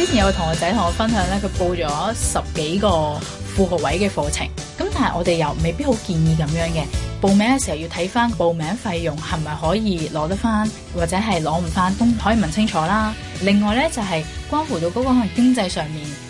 之前有個同學仔同我分享咧，佢報咗十幾個副學位嘅課程，咁但係我哋又未必好建議咁樣嘅。報名嘅時候要睇翻報名費用係咪可以攞得翻，或者係攞唔翻，都可以問清楚啦。另外咧就係關乎到嗰個經濟上面。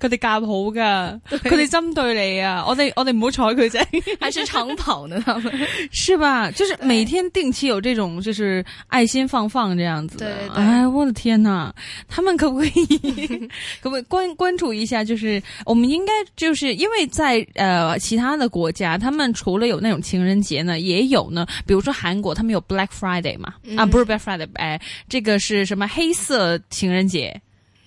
佢哋教好㗎，佢哋針對你啊！我哋我哋唔好睬佢啫。 還是長跑呢？他們 是吧？就是每天定期有這種，就是愛心放放這樣子的。的哎，我的天哪！他們可不可以 可唔可以關關注一下？就是我們應該就是，因為在呃其他的國家，他們除了有那種情人節呢，也有呢。比如說韓國，他們有 Black Friday 嘛？嗯、啊，不是 Black Friday，哎，這個是什麼黑色情人節？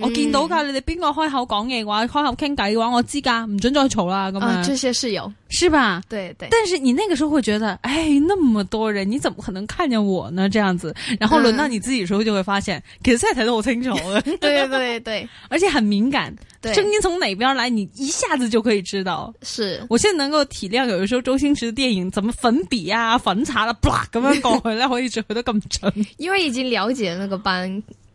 我見到噶，你哋邊個開口講嘢嘅話，開口傾偈嘅話，我知噶，唔准再嘈啦咁樣！這些是有，是吧？對對。對，但是你那個時候會覺得，哎，那麼多人，你怎麼可能看見我呢？這樣子，然後輪到你自己時候就會發現，其實現在、嗯、才我清楚。對對對對， 而且很敏感，聲音從哪邊來，你一下子就可以知道。是對我現在能夠體諒，有的時候周星馳的電影，怎麼粉筆啊、粉擦啦、啊，咁樣過去咧，來 我一直做得咁準，因為已經了解那個班。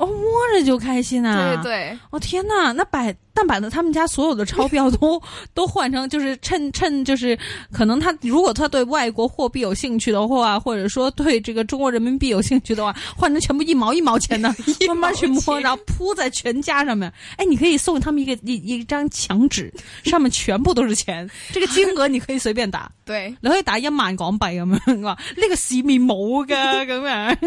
哦，摸着就開心啊！對對，我、哦、天呐，那擺，但擺的他們家所有的鈔票都 都換成，就是趁趁就是，可能他如果他對外國貨幣有興趣的話，或者說對這個中國人民幣有興趣的話，換成全部一毛一毛錢的，慢慢 去摸，然後鋪在全家上面。哎，你可以送他們一個一一張牆紙，上面全部都是錢， 這個金額你可以隨便打。 對，你可以打、這個、一萬港幣咁樣，話呢個市面冇噶咁樣。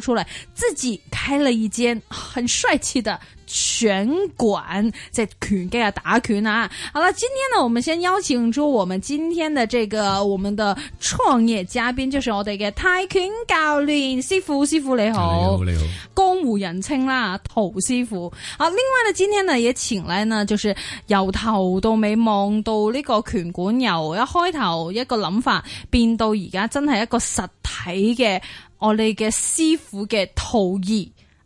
出來自己開了一間很帥氣的拳館，即係拳擊啊打拳啊！好啦，今天呢，我們先邀請出我們今天的這個我們的創業嘉賓，就是我哋嘅泰拳教練師傅，師傅你好。哦，你好，你好，江湖人稱啦陶師傅。啊，另外呢，今天呢也請嚟呢，就是由頭到尾望到呢個拳館由一開頭一個諗法變到而家真係一個實體嘅。我哋嘅師傅嘅徒兒。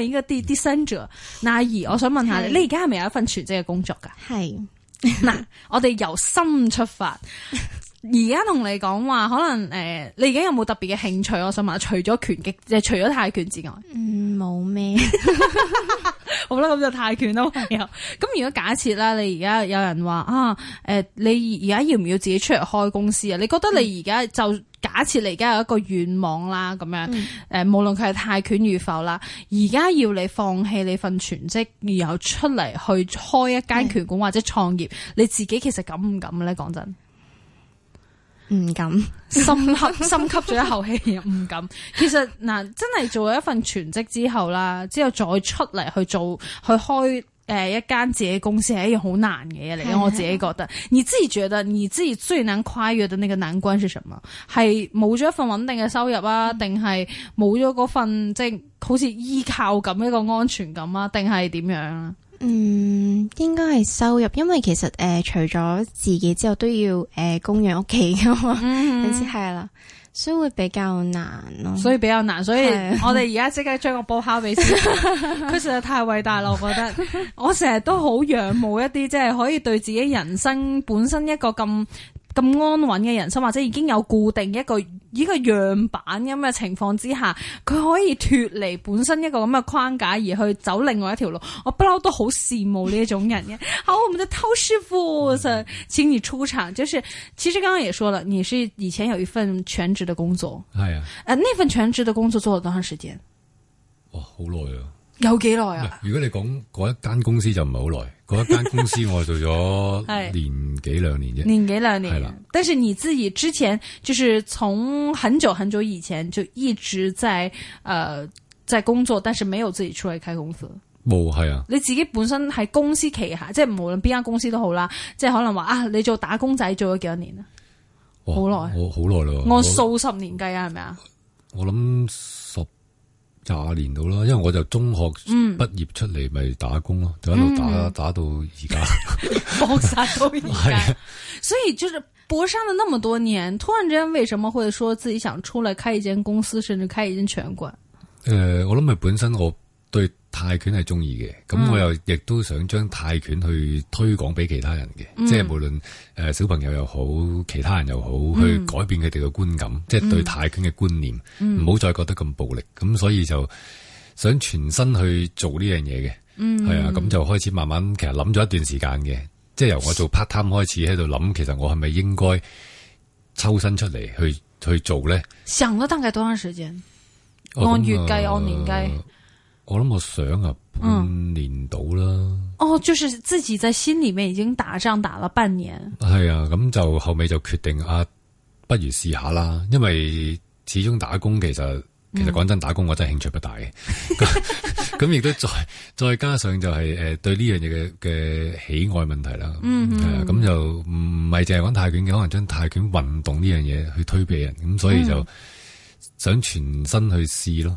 應該啲啲 schedule 那阿姨，我想問下是你，你而家係咪有一份全職嘅工作噶？係是。嗱， 我哋由心出發。 而家同你講話，可能誒、呃，你而家有冇特別嘅興趣？我想問下，除咗拳擊，即除咗泰拳之外，嗯，冇咩。 好啦，咁就泰拳咯，朋友。咁如果假設啦、啊呃，你而家有人話啊，你而家要唔要自己出嚟開公司啊？你覺得你而家就、嗯、假設你而家有一個願望啦，咁樣、嗯、無論佢係泰拳與否啦，而家要你放棄你份全職，然後出嚟去開一間拳館或者創業，嗯、你自己其實敢唔敢咧？講真。唔不敢 深吸深吸咗一口氣，唔敢。其實嗱，真係做咗一份全職之後啦，之後再出嚟去做去開誒一間自己公司一，係好難嘅嘢嚟。我自己覺得，你自己覺得你自己最難跨越嘅呢個難關係什麼係冇咗一份穩定嘅收入啊，定係冇咗嗰份即係、就是、好似依靠咁一個安全感啊？定係點樣啊？嗯，應該係收入，因為其實誒、呃，除咗自己之後都要誒、呃、供養屋企噶嘛，你知係啦、嗯嗯，所以會比較難咯、啊。所以比較難，所以我哋而家即刻將個波拋俾佢。佢實在太偉大咯，我覺得我成日都好仰慕一啲，即、就、係、是、可以對自己人生本身一個咁。咁安穩嘅人生，或者已經有固定一個呢個樣板咁嘅情況之下，佢可以脫離本身一個咁嘅框架而去走另外一條路。我不嬲都好羨慕呢一種人嘅。 好，我們的偷師傅請 請你出場。就是其實剛剛也說了，你是以前有一份全職的工作。係啊，誒，呢份全職的工作做了多長時間？哇，好耐啊！有幾耐啊？如果你講嗰一間公司就唔係好耐。嗰 一間公司我做咗年幾兩年啫， 年幾兩年係啦。了但是你自己之前就是從很久很久以前就一直在誒、呃、在工作，但是沒有自己出來開公司。冇係、哦、啊，你自己本身喺公司旗下，即係無論邊間公司都好啦，即係可能話啊，你做打工仔做咗幾多年啊？好耐，我好耐咯，我數十年計啊，係咪啊？我諗。廿年到啦，因為我就中學畢業出嚟咪打工咯，嗯、就喺度打、嗯、打到而家搏殺到而家，的所以就是搏殺咗那麼多年，突然之間為什麼會說自己想出來開一間公司，甚至開一間拳館？誒、呃，我諗係本身我對。泰拳係中意嘅，咁我又亦都想將泰拳去推廣俾其他人嘅，嗯、即係無論誒小朋友又好，其他人又好，嗯、去改變佢哋嘅觀感，嗯、即係對泰拳嘅觀念，唔好、嗯、再覺得咁暴力。咁、嗯、所以就想全身去做呢樣嘢嘅，係、嗯、啊、咁就開始慢慢其實諗咗一段時間嘅，即係由我做 part time 開始喺度諗，其實我係咪應該抽身出嚟去去做咧？想了大概多長時間？按、啊啊、月計，按年計。啊我諗我想啊，半、嗯、年到啦。哦，就是自己在心裏面已經打仗打了半年。係啊，咁就後尾就決定啊，不如試下啦。因為始終打工其實其實講真，打工我真係興趣不大嘅。咁亦、嗯、 都再再加上就係誒對呢樣嘢嘅嘅喜愛問題啦。嗯、嗯，咁、啊、就唔係淨係玩泰拳嘅，可能將泰拳運動呢樣嘢去推俾人，咁所以就想全身去試咯。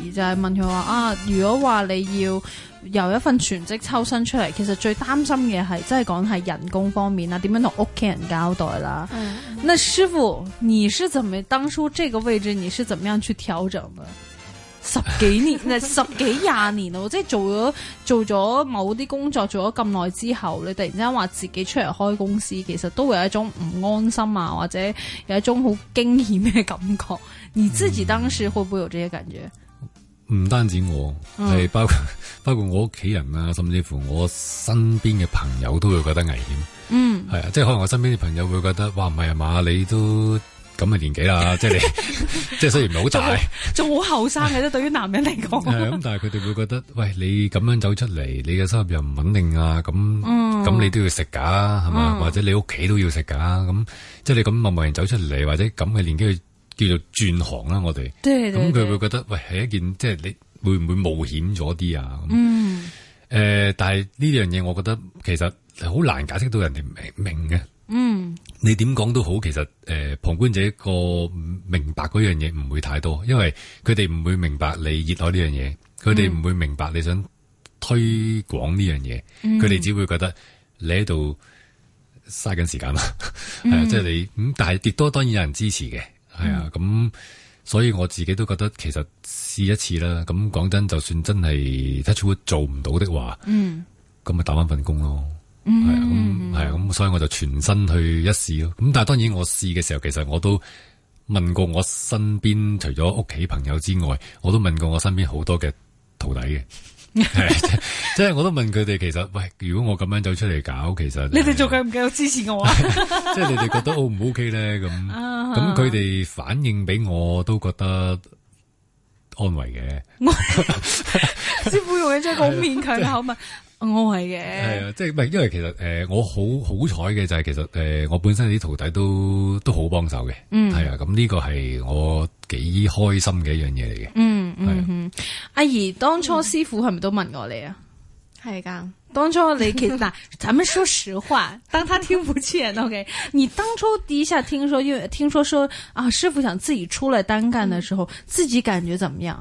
就係問佢話啊，如果話你要由一份全職抽身出嚟，其實最擔心嘅係，即係講係人工方面啦，點樣同屋企人交代啦？嗯嗯、那師傅，你是怎麼當初這個位置，你是怎麼樣去調整的？十幾年， 十幾廿年咯，即係做咗做咗某啲工作做咗咁耐之後，你突然之間話自己出嚟開公司，其實都會有一種唔安心啊，或者有一種好驚險嘅感覺。你自己當時會唔會有這些感覺？唔單止我，係包括包括我屋企人啊，甚至乎我身邊嘅朋友都會覺得危險。嗯，係啊，即係可能我身邊嘅朋友會覺得，哇，唔係啊嘛，你都咁嘅年紀啦， 即係你，即係雖然唔係好大，仲好後生嘅啫，啊、對於男人嚟講。係啊，咁但係佢哋會覺得，喂，你咁樣走出嚟，你嘅收入又唔穩定啊，咁，咁、嗯、你都要食噶，係嘛、嗯，或者你屋企都要食噶，咁，即係你咁默默人走出嚟，或者咁嘅年紀去。叫做轉行啦，啊，我哋咁佢會覺得，喂，係一件即係你會唔會冒險咗啲啊？嗯，誒、呃，但係呢樣嘢，我覺得其實好難解釋到人哋明明嘅。嗯，你點講都好，其實誒、呃，旁觀者個明白嗰樣嘢唔會太多，因為佢哋唔會明白你熱愛呢樣嘢，佢哋唔會明白你想推廣呢樣嘢，佢哋，嗯，只會覺得你喺度嘥緊時間嘛。係，嗯， 即係你咁，但係跌多當然有人支持嘅。係啊，咁所以我自己都覺得其實試一次啦。咁講真，就算真係 Touchwood 做唔到的話，嗯，咁咪打返份工咯。嗯，係啊，咁、嗯、係啊，咁所以我就全身去一試咯。咁但係當然我試嘅時候，其實我都問過我身邊除咗屋企朋友之外，我都問過我身邊好多嘅徒弟嘅。係， 即 係樂我都問佢哋，其實喂，如果我咁樣走出嚟搞，其實、就是、你哋做緊唔夠支持我、啊？ 即係你哋覺得 O 唔 O K 咧？咁咁佢哋反應俾我都覺得安慰嘅。 師傅用嘅真係好勉強，好唔、 就是 我係嘅，係啊，即係唔係？因為其實誒、呃，我好好彩嘅就係、是，其實誒、呃，我本身啲徒弟都都好幫手嘅，嗯，係啊，咁呢個係我幾開心嘅一樣嘢嚟嘅，嗯嗯，嗯呃、阿姨當初師傅係咪都問我你啊？係噶、嗯，當初你其實…… 咱們說實話，當他聽不見 ，OK？你當初第一下聽說，因為聽說說啊，師傅想自己出嚟單幹嘅時候，嗯、自己感覺怎麼樣？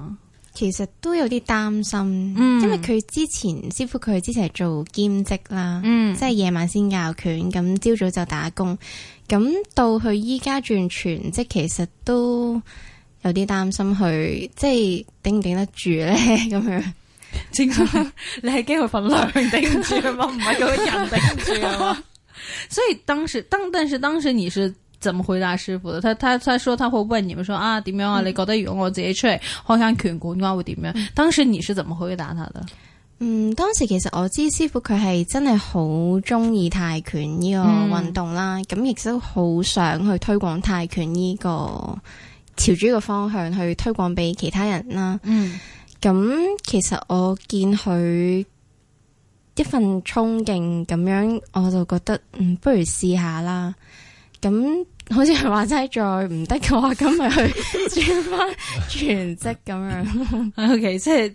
其實都有啲擔心，嗯、因為佢之前似乎佢之前係做兼職啦，嗯、即係夜晚先教拳，咁朝早就打工，咁到佢依家轉全職，其實都有啲擔心，佢即係頂唔頂得住咧咁樣。你係驚佢份量頂唔住啊嘛，唔係嗰個人頂唔住啊嘛？所以當時，當但，但是當時你是。怎麼回答師傅的？他他他說他會問你們說啊，點樣啊，你覺得如果我自己出嚟開間拳館嘅話會點樣？當時你是怎麼回答他的？嗯，當時其實我知師傅佢係真係好中意泰拳呢個運動啦，咁亦都好想去推廣泰拳呢個，朝住個方向去推廣俾其他人啦。嗯，咁、嗯嗯、其實我見佢一份衝勁咁樣，我就覺得嗯，不如試下啦。咁好似係話齋，再唔得嘅話，咁咪去轉返全職咁樣。OK，即係。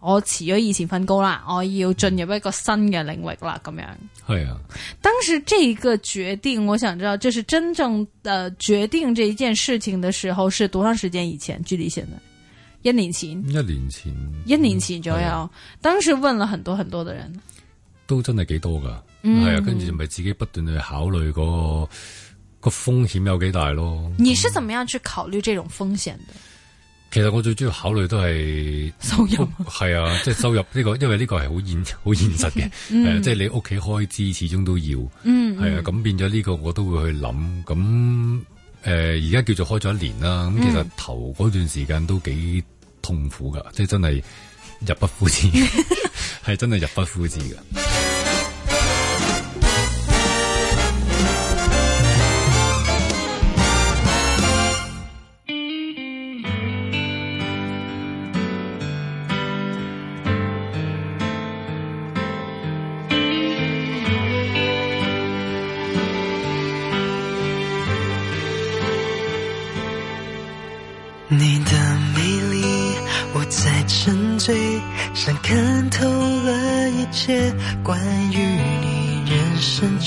我辭咗以前份工啦，我要進入一個新嘅領域啦，咁樣。係啊，當時呢個決定，我想知道，就是真正嘅決定這一件事情嘅時候，是多長時間以前？距離現在一年前，一年前，一年前，一年前左右。嗯啊、當時問了很多很多的人，都真係幾多噶，係、嗯、啊，跟住咪自己不斷去考慮嗰、那個、那個風險有幾大咯。你是怎麼樣去考慮這種風險的？其實我最主要考慮都係收入、啊嗯，係啊，即、就、係、是、收入呢、呢個， 因為呢個係好現好現實嘅，即係、 嗯呃就是、你屋企開支始終都要，係、嗯嗯、啊，咁變咗呢個我都會去諗，咁誒而家叫做開咗一年啦，咁其實頭嗰段時間都幾痛苦噶，嗯、即係真係入不敷支，係 真係入不敷支噶。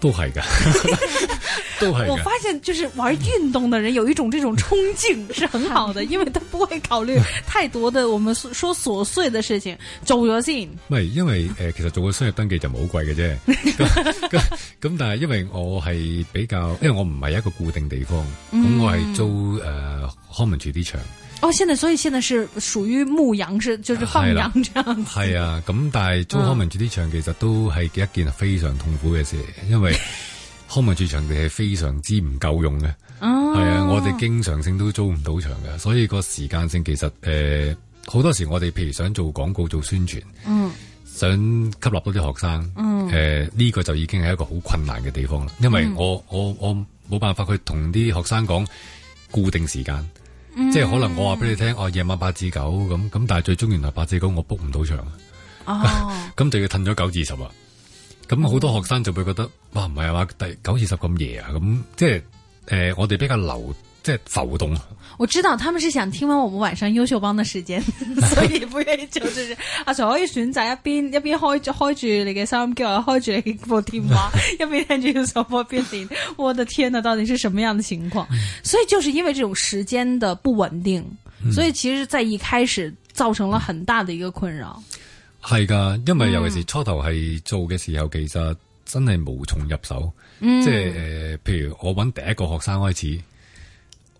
都係噶， 都係的。我發現就是玩運動的人有一種 這種憧憬是很好的， 因為他不會考慮太多的我們說瑣碎的事情，做咗先。唔係，因為誒、呃，其實做個商業登記就冇好貴嘅啫。咁 但係因為我係比較，因為我唔係一個固定地方，咁 我係租誒、呃、 康文署啲場。哦，現在所以現在是屬於牧羊，是就是放羊這樣子。係啊，咁但係租康文署啲場其實都係一件非常痛苦嘅事，嗯、因為康文署場地係非常之唔夠用嘅。哦，係啊，我哋經常性都租唔到場嘅，所以個時間性其實誒好、呃、多時我哋譬如想做廣告做宣傳，嗯，想吸納到啲學生，呃、嗯、誒呢個就已經係一個好困難嘅地方啦。因為我、嗯、我我冇辦法去同啲學生講固定時間。即係可能我話俾你聽，嗯、哦，夜晚八至九咁，咁，但係最終原來八至九，我 book 唔到場啊，咁、哦、 就要褪咗九至十啊。咁好多學生就會覺得，哇，唔係啊嘛，第九至十咁夜啊，咁、嗯、即係誒、呃、我哋比較留。即係走動，我知道他們是想聽完我們晚上優秀幫的時間， 所以不願意做呢啲。啊，仲可以選擇一邊一邊開開住你嘅收音機，開住你嘅電話， 一邊聽住 some more 我的天啊，到底是什麼樣的情況？ 所以就是因為這種時間的不穩定，嗯、所以其實在一開始造成了很大的一個困擾。係噶、嗯，因為尤其是初頭係做嘅時候，其實真係無從入手。嗯、即係誒、呃，譬如我搵第一個學生開始。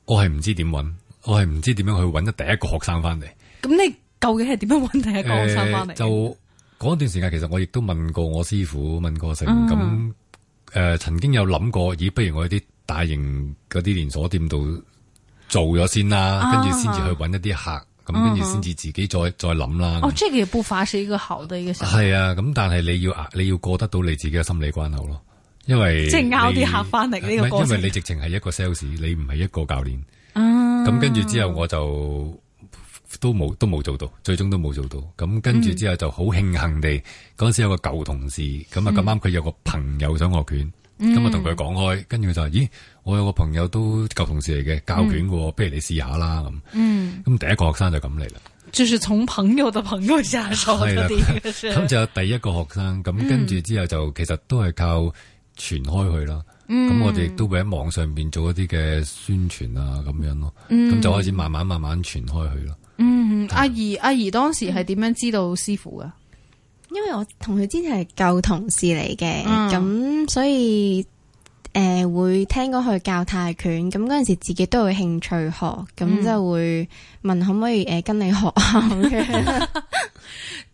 我係唔知點揾，我係唔知點樣去揾咗第一個學生翻嚟。咁你究竟係點樣揾第一個學生翻嚟、呃？就嗰段時間，其實我亦都問過我師傅，問過成咁，誒、嗯哼呃，曾經有諗過，咦，不如我喺啲大型嗰啲連鎖店度做咗先啦，跟住先至去揾一啲客，咁跟住先至自己再、嗯、哼再諗啦。哦，那這個也不乏是一個好的一個。係啊，咁但係你要啊，你要過得到你自己嘅心理關口咯。因為即係拗啲客翻嚟呢個過程，因為你直情係一個 sales，你唔係一個教練。咁跟住之後我就都冇都冇做到，最終都冇做到。咁跟住之後就好慶幸地，嗰陣時有個舊同事，咁啊咁啱佢有個朋友想學拳，咁啊同佢講開，跟住佢就話咦，我有個朋友都舊同事嚟嘅教拳喎，不如你試下啦咁。嗯，咁第一個學生就咁嚟啦。就係從朋友嘅朋友下手咁就有第一個學生，咁跟住之後就其實都係靠。傳開去啦，咁、嗯、我哋都會喺網上邊做一啲嘅宣傳啊，咁、嗯、樣咯，咁就開始慢慢慢慢傳開去咯、嗯嗯。阿怡是阿怡當時係點樣知道師傅噶？因為我同佢之前係舊同事嚟嘅，咁、嗯、所以誒、呃、會聽講佢教泰拳，咁嗰陣時自己都有興趣學，咁就會問可唔可以誒跟你學啊？嗯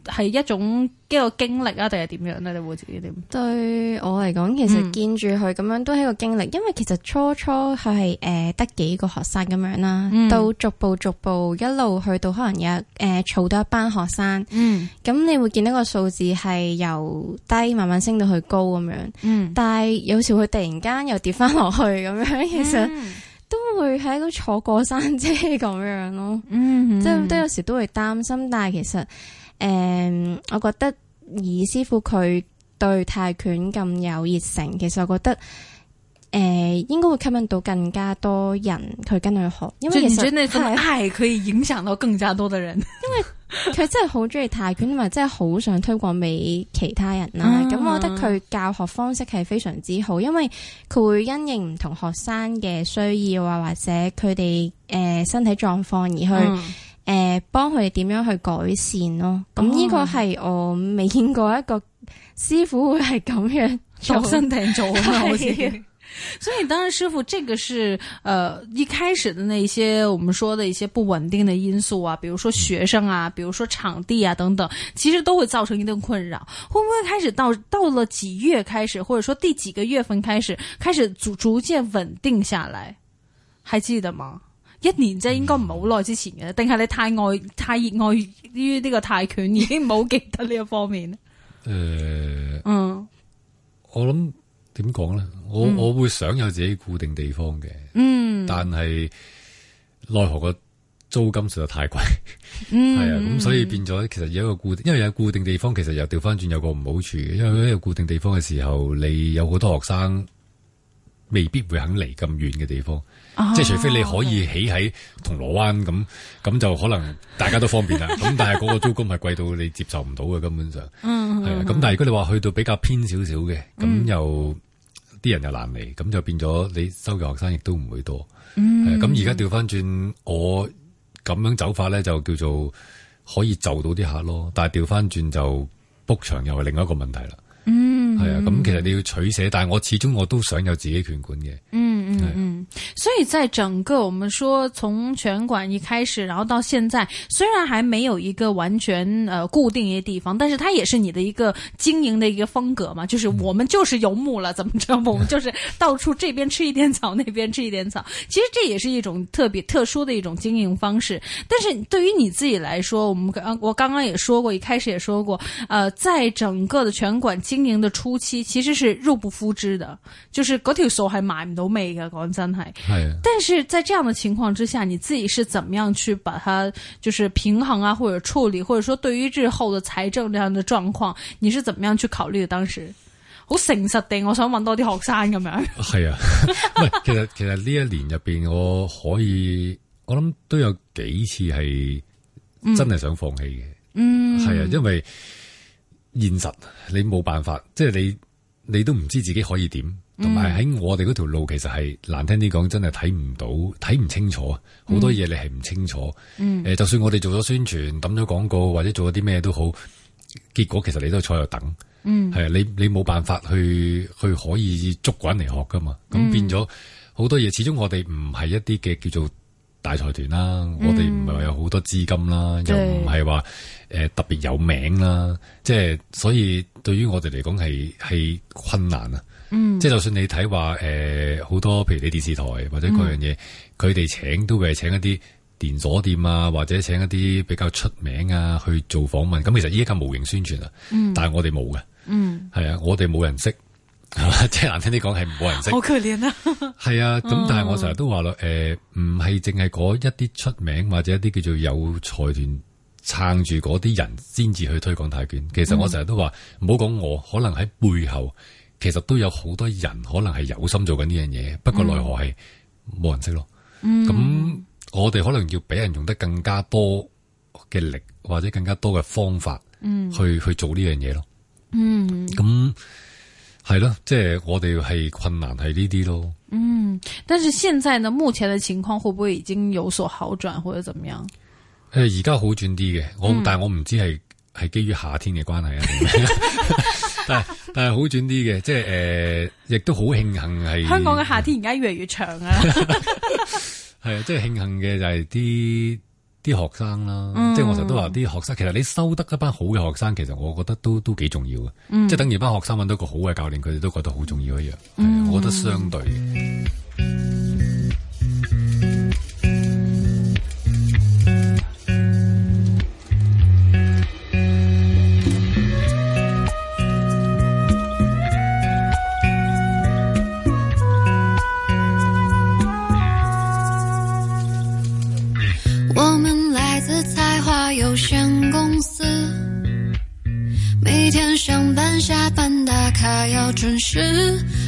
係一種歷是是一個經歷啊，定係點樣咧？你會自己點？對我嚟講，其實見住佢咁樣都係一個經歷，因為其實初初佢係誒得幾個學生咁樣啦，嗯、到逐步逐步一路去到可能有誒，儲、呃、到一班學生，咁、嗯、你會見到個數字係由低慢慢升到去高咁樣，嗯、但係有時佢突然間又跌翻落去咁樣，其實都會喺度坐過山車咁樣咯，嗯哼嗯即係都有時都會擔心，但係其實。嗯、我覺得以師傅佢對泰拳咁有熱誠，其實我覺得、呃、應該會吸引到更加多人去跟佢學，因為其實泰可以影響到更加多的人，是 因為佢真係好中意泰拳同埋真係好想推廣俾其他人啦。咁 我覺得佢教學方式係非常之好，因為佢會因應唔同學生嘅需要啊，或者佢哋、呃、身體狀況而去。嗯誒，幫佢點樣去改善咯？咁、嗯、呢個係我未見過一個師傅會係咁樣量身訂做嘅。所以，所以當然師傅，這個是呃一開始的那些，我們說的一些不穩定的因素啊，比如說學生啊，比如說場地啊等等，其實都會造成一定困擾。會不會開始到到了幾月開始，或者說第幾個月份開始開始逐逐漸穩定下來？還記得嗎？一年即係應該唔係好耐之前嘅，定係、嗯、你太，太熱愛太熱愛於呢個泰拳，已經唔好記得呢一方面咧。誒、呃，嗯，我諗點講咧？我我會想有自己固定地方嘅，嗯，但係奈何個租金實在太貴，係啊、嗯、咁 所以變咗其實有一個固定，因為有固定地方，其實又調翻轉有個唔好處嘅，因為有固定地方嘅時候，你有好多學生未必會肯嚟咁遠嘅地方。哦、即係除非你可以起喺銅鑼灣咁，咁就可能大家都方便啦。咁 但係嗰個租金係貴到你接受唔到嘅根本上。係啊、嗯。咁、嗯、但係如果你話去到比較偏少少嘅，咁又啲、嗯、人又難嚟，咁就變咗你收嘅學生亦都唔會多。咁而家調翻轉我咁樣走法咧，就叫做可以就到啲客咯。但係調翻轉就 book 場又係另一個問題啦。嗯係啊，咁、嗯嗯、其實你要取捨，但係我始終我都想有自己拳館嘅。嗯嗯嗯，是所以在整個我們說從拳館一開始，然後到現在，雖然還沒有一個完全呃固定嘅地方，但是它也是你的一個經營的一個風格嘛。就是我們就是游牧了，嗯、怎麼着？我們就是到處這邊吃一點草， 那邊吃一點草。其實這也是一種特別特殊的一種經營方式。但是對於你自己來說，我們我剛剛也說過，一開始也說過，誒、呃，在整個的拳館經營的初。夫妻其實是入不敷支的，就是嗰條手係買唔到咩嘅，講真係。係啊，但是在這樣的情況之下，你自己是怎麼樣去把它，就是平衡啊，或者處理，或者說對於日後的財政這樣的狀況，你是怎麼樣去考慮的？當時我 t 實 i 我想問多啲學生咁樣。係啊 其，其實其實呢一年入邊，我可以我諗都有幾次係真係想放棄嘅。嗯，係啊，因為。現實你冇辦法，即係你你都唔知自己可以點，同埋喺我哋嗰條路其實係、嗯、難聽啲講，真係睇唔到睇唔清楚，好多嘢你係唔清楚。誒、嗯呃，就算我哋做咗宣傳、抌咗廣告或者做咗啲咩都好，結果其實你都坐喺度等，係啊、嗯，你你冇辦法去去可以捉滾嚟學㗎嘛？咁、嗯、變咗好多嘢，始終我哋唔係一啲嘅叫做。大財團啦，我哋唔係話有好多資金啦，嗯、又唔係話誒特別有名啦，即係所以對於我哋嚟講係係困難啊，即係、嗯、就算你睇話誒好多譬如你電視台或者各樣嘢，佢哋、嗯、請都會係請一啲連鎖店啊，或者請一啲比較出名啊去做訪問，咁其實依家無形宣傳啦，嗯、但係我哋冇嘅，係啊、嗯，我哋冇人識。即係 難聽啲講，係冇人識，好可憐啊，係 啊，咁但係我成日都話啦誒，唔係淨係嗰一啲出名或者一啲叫做有財團撐住嗰啲人先至去推廣泰拳。其實我成日都話，唔好講我，可能喺背後其實都有好多人，可能係有心做緊呢樣嘢。不過奈何係冇人識咯。咁、嗯、我哋可能要俾人用得更加多嘅力，或者更加多嘅方法去，去、嗯、去做呢樣嘢咯。嗯，咁。係、就是，咯，即係我哋係困難係呢啲咯。嗯，但是現在呢，目前嘅情況會唔會已經有所好轉或者怎麼樣？誒、呃，而家好轉啲嘅，嗯、我但係我唔知係係基於夏天嘅關係啊。 但係但係好轉啲嘅，即係誒，亦、呃、都好慶幸係香港嘅夏天而家越嚟越長啊。係 啊， 即係慶幸嘅就係啲。啲學生啦，嗯、即係我成日都話啲學生，其實你收得一班好嘅學生，其實我覺得都都幾重要嘅，嗯、即係等於班學生揾到個好嘅教練，佢哋都覺得好重要一樣，嗯，係我覺得相對。嗯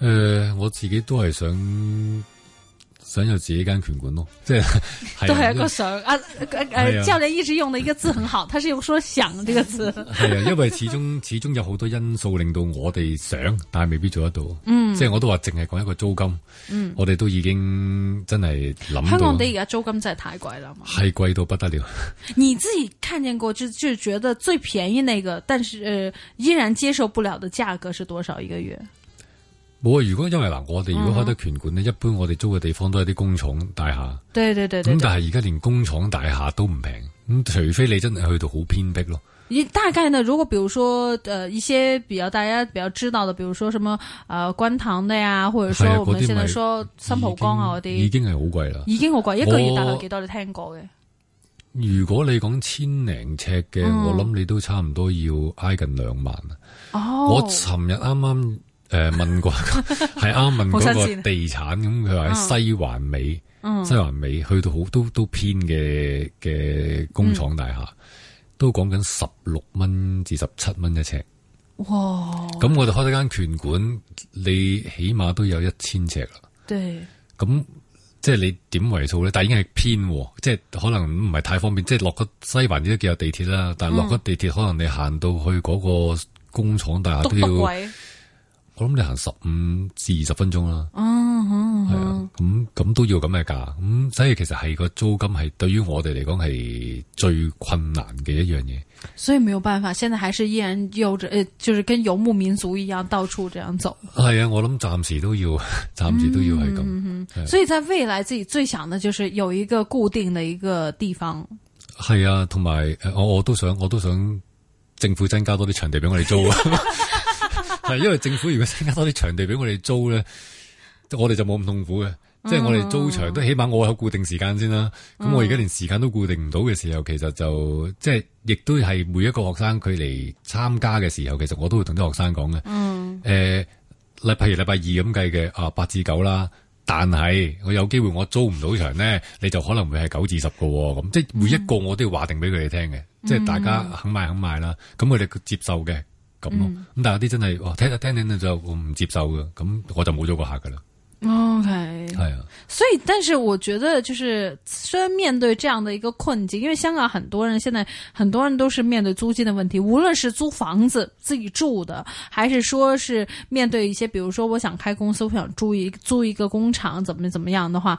誒、呃，我自己都係想想有自己間拳館咯，即係都係一個想啊！誒、啊，啊啊、教練一直用的一個字很好，他是用說想這個字，係 啊，因為始終始終有好多因素令到我哋想，但係未必做得到。嗯，即係我都話淨係講一個租金。嗯，我哋都已經真係諗。香港地而家租金真係太貴啦，係貴到不得了。你自己看見過就就覺得最便宜那個，但是、呃、依然接受不了的價格是多少一個月？冇啊！如果因為嗱，我哋如果開得拳館呢，嗯、一般我哋租嘅地方都係啲工廠大廈。對對對。咁但係而家連工廠大廈都唔平，咁除非你真係去到好偏僻咯。你大概呢？如果比如說，誒、呃，一些比較大家比較知道的，比如說什麼，誒、呃，觀塘的呀，啊，或者係啊，嗰啲咪，說新蒲崗啊嗰啲，已經係好貴啦，已經好貴，貴我一個月大概幾多？你聽過嘅？如果你講千零尺嘅，嗯、我諗你都差唔多要挨近兩萬。哦、嗯。我尋日啱啱。誒，問過係啱 問嗰個地產，咁佢話喺西環尾，嗯、西環尾去到好多都偏嘅嘅工廠大廈，嗯、都講緊十六蚊至十七蚊一尺。哇！咁我哋開咗間拳館，你起碼都有一千尺啦。對。咁即係你點為數咧？但係已經係偏，即係可能唔係太方便，即係落咗西環都叫有地鐵啦。但係落咗地鐵，嗯、可能你行到去嗰個工廠大廈都要。讀讀我諗你行十五至二十分鐘啦，係、嗯嗯嗯、啊，咁咁都要咁嘅價，咁所以其實係個租金係對於我哋嚟講係最困難嘅一樣嘢。所以冇辦法，現在還是依然有着，誒，就是跟游牧民族一樣到處這樣走。係啊，我諗暫時都要，暫時都要係咁、嗯嗯嗯。所以在未來自己最想嘅就是有一個固定嘅一個地方。係啊，同埋我我都想，我都想政府增加多啲場地俾我哋租啊。 因為政府如果增加多啲場地俾我哋租咧，我哋就冇咁痛苦嘅。即係、嗯、我哋租場都起碼我有固定時間先啦。咁、嗯、我而家連時間都固定唔到嘅時候，其實就即係亦都係每一個學生佢嚟參加嘅時候，其實我都會同啲學生講嘅。嗯，誒、欸，例如禮拜二咁計嘅，啊八至九啦，9，但係我有機會我租唔到場咧，你就可能會係九至十喎。咁即係每一個我都要話定俾佢哋聽嘅，即係、嗯、大家肯買肯買啦。咁佢哋接受嘅。咁咁但係有啲真係、哦、聽下聽下就我唔接受嘅，咁我就冇咗個客噶啦。OK，係啊，所以，但是我覺得就是，雖然面對這樣的一個困境，因為香港很多人，現在很多人都是面對租金的問題，無論是租房子自己住的，還是說，是面對一些，比如說我想開公司，我想租一個租一個工廠，怎麼怎麼樣的話。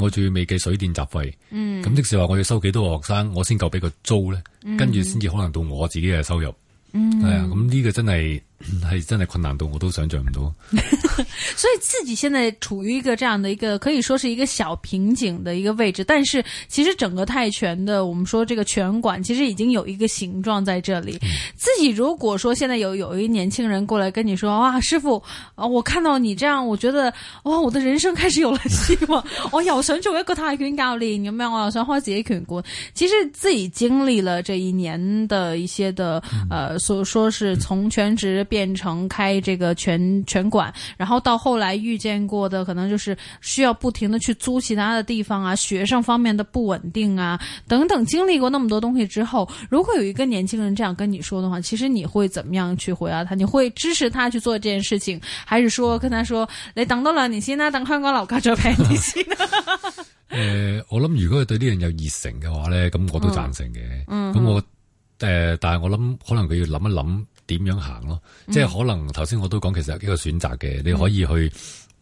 我仲要未計水電雜費，嗯，咁即時話我要收幾多個學生，我先夠俾佢租咧？跟住先至可能到我自己嘅收入，嗯，係啊、哎，咁呢個真係。係真係困難到我都想象唔到， 所以自己現在處於一個這樣的一個，可以說是一個小瓶頸的一個位置。但是其實整個泰拳的，我們說這個拳館，其實已經有一個形狀在這裏。嗯、自己如果說現在有有一年輕人過來跟你說，哇，師傅、呃，我看到你這樣，我覺得，哇，我的人生開始有了希望。嗯、我又想做一個泰拳教練，你有沒有？我又想開自己拳館。其實自己經歷了這一年的一些的，呃，所說是從全職、嗯。呃變成開這個拳拳館，然後到後來遇見過的，可能就是需要不停的去租其他的地方啊，學生方面的不穩定啊，等等。經歷過那麼多東西之後，如果有一個年輕人這樣跟你說的話，其實你會怎麼樣去回答他？你會支持他去做這件事情，還是說，嗯、跟他說：“你等到兩年先啦，等香港樓價再平啲先。”啦。」我諗如果佢對呢樣有熱誠嘅話呢，咁我都讚成嘅。嗯，咁我，呃、但係我諗可能佢要諗一諗。點樣行咯？即係可能頭先我都講，其實有幾個選擇嘅，嗯、你可以去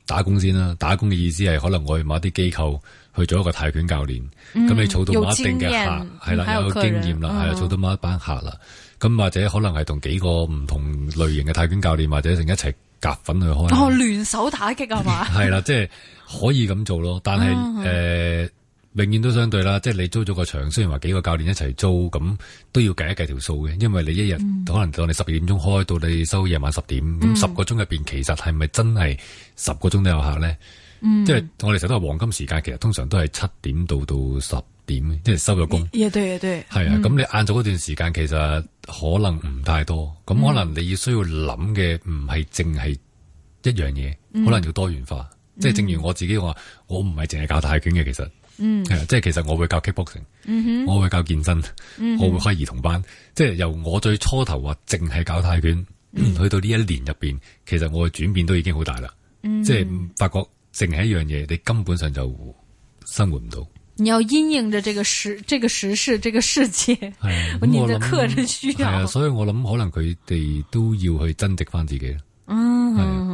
打工先啦。打工嘅意思係可能我去某一啲機構去做一個泰拳教練，咁、嗯、你儲到某一定嘅客，係、嗯、啦，有經驗啦，係儲、嗯、到某一班客啦。咁、嗯、或者可能係同幾個唔同類型嘅泰拳教練或者成一齊夾粉去開。哦，聯手打擊啊嘛？係 啦，即、就、係、是、可以咁做咯，但係誒。嗯呃永遠都相對啦，即係你租咗個場，雖然話幾個教練一齊租，咁都要計一計條數嘅，因為你一日、嗯、可能當你十二點鐘開到你收夜晚十點，咁、嗯、十個鐘入邊其實係咪真係十個鐘都有客咧？嗯、即係我哋成日都係黃金時間，其實通常都係七點到到十點，即係收咗工。也對，也對。係啊，咁的、嗯、你晏晝嗰段時間，其實可能唔太多，咁、嗯、可能你要需要諗嘅唔係淨係一樣嘢，嗯、可能要多元化。嗯、即係正如我自己話，我唔係淨係教泰拳嘅，其實。嗯，係啊，即係其實我會教 Kickboxing、嗯、哼我會教健身，嗯、哼我會開兒童班，嗯、哼即係由我最初頭話淨係教泰拳，去、嗯、到呢一年入邊，其實我嘅轉變都已經好大啦。嗯、哼即係發覺淨係一樣嘢，你根本上就生活唔到。你要因應着這個時，這個時事，這個世界，你、啊、嘅客人需要。係啊，所以我諗可能佢哋都要去增值翻自己。嗯、哦、係啊。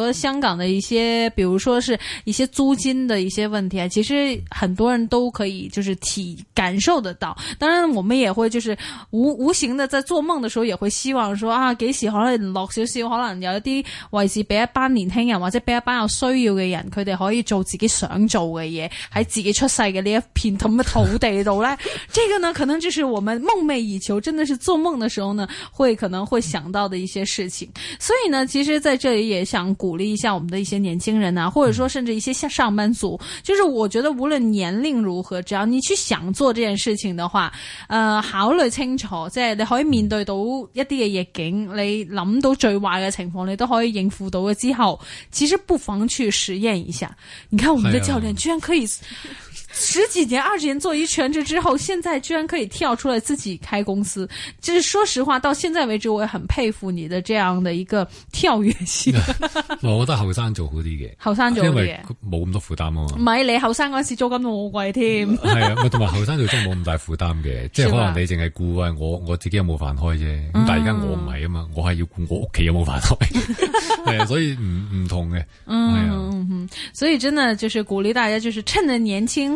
嗯、香港的一些，比如說是一些租金的一些問題啊，嗯、其實很多人都可以就是體感受得到。當然，我們也會就是無無形的在做夢的時候，也會希望說啊，幾時可能落少少，可能有一啲位置俾一班年輕人或者俾一班有需要嘅人，佢哋可以做自己想做嘅嘢，喺自己出世嘅呢一片咁嘅土地度咧。嗯嗯、這個呢，可能就是我們夢寐以求，真的是做夢的時候呢，會可能會想到的一些事情。嗯、所以呢，其實在這裡也想。鼓勵一下我們的一些年輕人啊，或者說甚至一些上班族，就是我覺得無論年齡如何，只要你去想做這件事情的話，呃，考慮清楚，即係你可以面對到一啲嘅逆境，你諗到最壞嘅情況，你都可以應付到嘅之後，其實不妨去實驗一下。你看我們的教練居然可以。 十幾年、二十年做一全職之後，現在居然可以跳出來自己開公司。就是說實話，到現在為止，我也很佩服你的這樣的一個跳躍性 我覺得後生做好啲嘅，後生做因為冇咁多負擔啊嘛。唔係你後生嗰陣時租金都好貴添，係 啊，同埋後生做真係冇咁大負擔嘅，是吧即係可能你淨係顧啊我我自己有冇飯開啫。咁、嗯、但係而家我唔係啊嘛，我係要顧我屋企有冇飯開， 所以唔唔同嘅。嗯嗯，啊、所以真的就是鼓勵大家，就是趁着年輕。